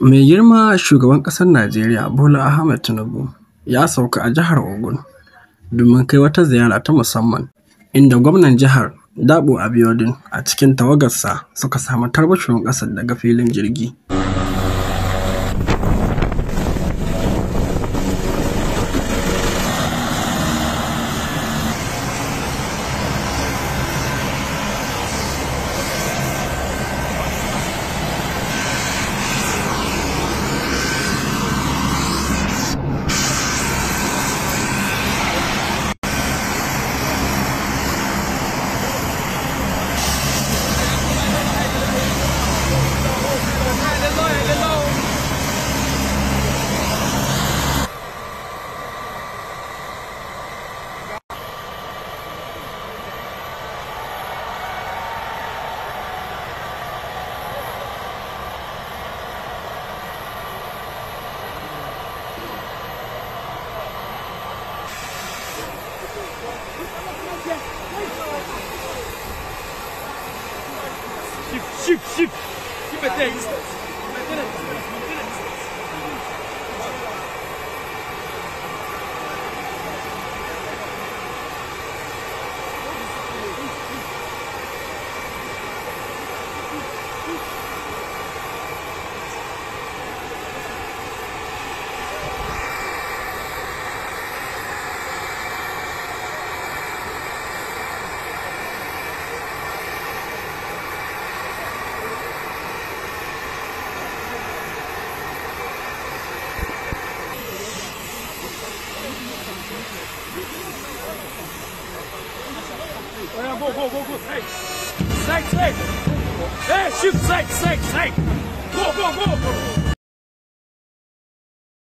Mai girma shugaban ƙasar Najeriya Bola Ahmed Tinubu ya sauka a jihar Ogun domin kai wata ziyara ta musamman inda gwamnan jihar Dabo Abiodun a cikin tawagarsa suka samu tarbashin ƙasar daga filin jirgi. Shoot, shoot, shoot! chip it there! Keep É, vou, vou, vou, vou, sai. Sai, sai. É, Chico, sai, sai, sai. vou vou gol, gol.